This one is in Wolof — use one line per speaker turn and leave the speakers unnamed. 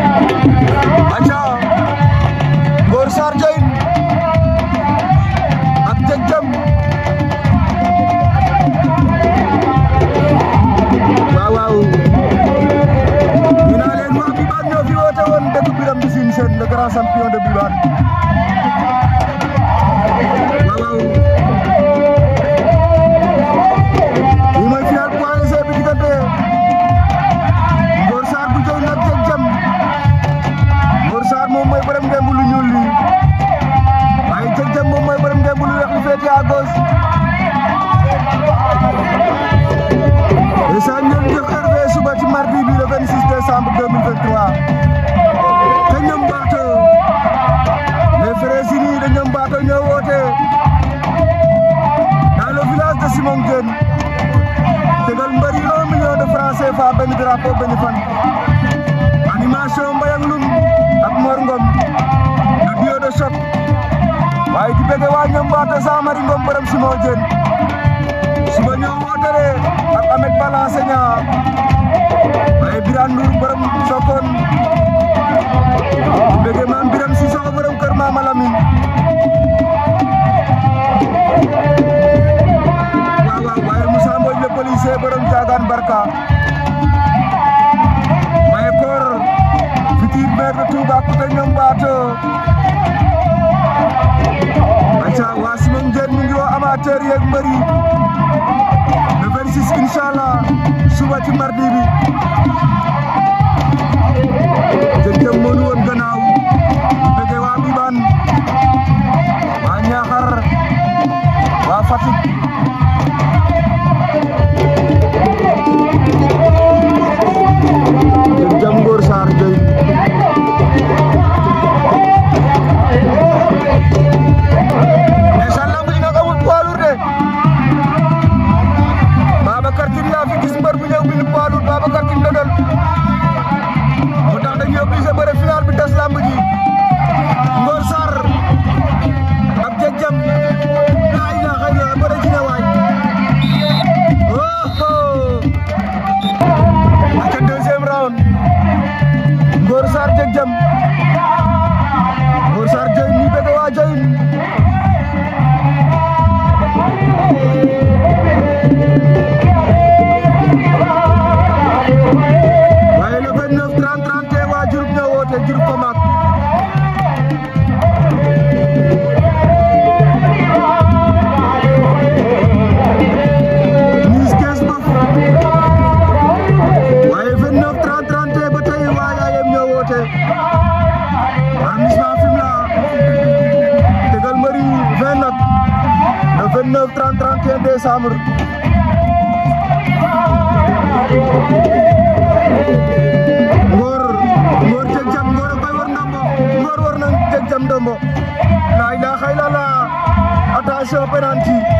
aca Ngor Sarr Joyin ak Tek Jam waaw waaw ñu naa leen waa Biban ñoo fi woote woon dëkk Birame Mbissine Sène le grand champion de Biban lay woote dans le village de Simon Guène tegal mbëri un million de francs CFA benn drapeau benn fan animation Mbaye ak Loum ak Mor Ngom le de choc waaye di bëgg waa ñoom waate Samari Ngom Simon Guène suba ñoo woote ak Ahmed Bala Sagna Bougane Barka may kor futur maire de Toubacouta ñoom baato aca waa suma njeen mi ngi woo amateur yeeg mbër yi le 26 inchaallah suba ci mardi Dóor Sarr Jëgjëm arrondissement Fimela Tegal Mari 20 nag le 29 30 31 décembre Ngor Ngor Cek Jam Ngor koy war ndombo Ngor war na Cek Jam ndombo la ilaha illallah attention penalty